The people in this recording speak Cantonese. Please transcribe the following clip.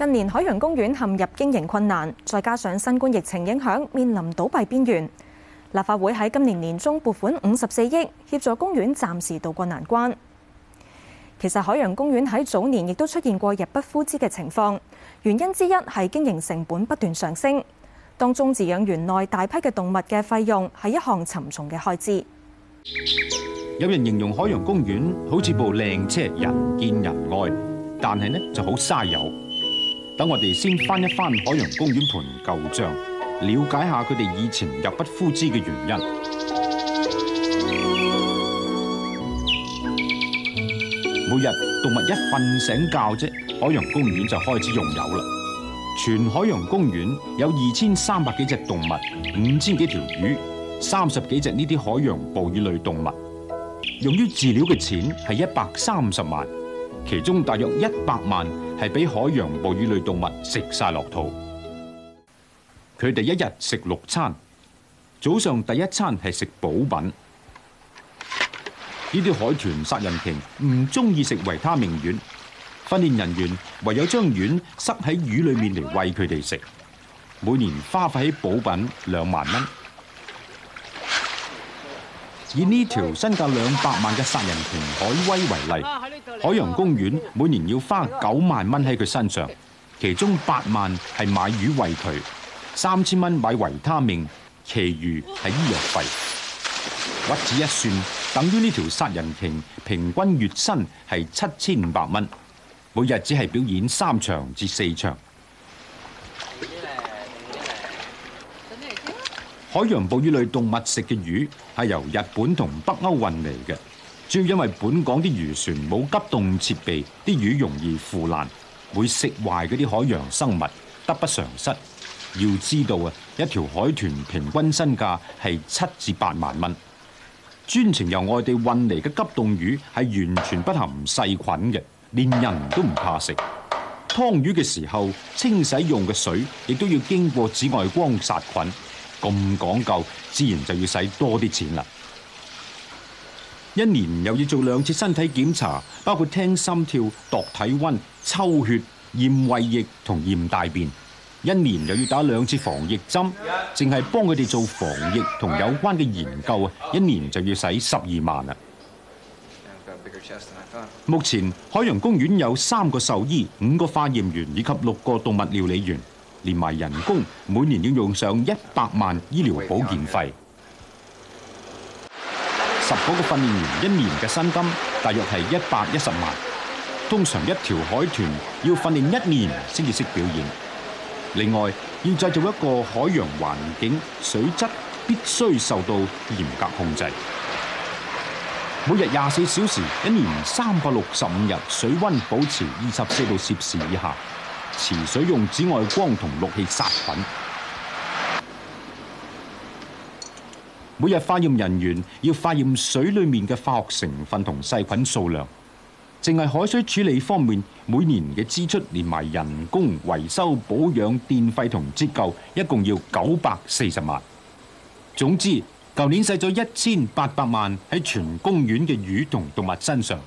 近年海洋公園陷入經營困難，再加上新冠疫情影響，面臨倒閉邊緣。立法會喺今年年中撥款五十四億協助公園暫時渡過難關。其實海洋公園喺早年亦都出現過入不敷支嘅情況，原因之一係經營成本不斷上升，當中飼養園內大批嘅動物嘅費用係一項沉重嘅開支。有人形容海洋公園好似部靚車，人見人愛，但係呢就好嘥油。等我哋先翻一翻海洋公園盤舊帳，了解下佢哋以前入不敷支嘅原因。嗯、每日動物一瞓醒覺啫，海洋公園就開始用油啦。全海洋公園有二千三百幾隻動物，五千幾條魚，三十幾隻呢啲海洋哺乳類動物，用於飼料嘅錢係一百三十萬。其中大約一百萬係俾海洋哺乳類動物食晒落肚，佢哋一日食六餐，早上第一餐係食補品。呢啲海豚、殺人鯨唔中意食維他命丸，訓練人員唯有將丸塞喺魚裡面嚟餵佢哋食。每年花費喺補品兩萬蚊。以呢條身價兩百萬嘅殺人鯨海威為例，海洋公園每年要花九萬蚊喺佢身上，其中八萬係買魚餵佢，三千蚊買維他命，其餘係醫藥費。屈指一算，等於呢條殺人鯨平均月薪係七千五百蚊，每日只係表演三場至四場。海洋哺乳類動物食嘅魚係由日本同北歐運嚟嘅，主要因為本港啲漁船冇急凍設備，啲魚容易腐爛，會食壞嗰啲海洋生物，得不償失。要知道啊，一條海豚平均身價係七至八萬蚊，專程由外地運嚟嘅急凍魚係完全不含細菌嘅，連人都唔怕食。劏魚嘅時候，清洗用嘅水亦都要經過紫外光殺菌。咁講究，自然就要使多啲錢啦。一年又要做兩次身體檢查，包括聽心跳、度體溫、抽血、驗胃液同驗大便。一年又要打兩次防疫針，淨係幫佢哋做防疫同有關嘅研究啊！一年就要使十二萬啦。目前海洋公園有三個獸醫、五個化驗員以及六個動物料理員。連埋人工，每年要用上一百萬醫療保健費。十個嘅訓練員一年嘅薪金大約係一百一十萬。通常一條海豚要訓練一年先至識表演。另外，要製造一個海洋環境，水質必須受到嚴格控制。每日廿四小時，一年三百六十五日，水溫保持二十四度攝氏以下。池水用紫外光同氯氣殺菌，每日化驗人員要化驗水裏面嘅化學成分同細菌數量。淨係海水處理方面，每年嘅支出連埋人工維修保養電費同折舊，一共要九百四十萬。總之，舊年使咗一千八百萬喺全公園嘅魚同動物身上。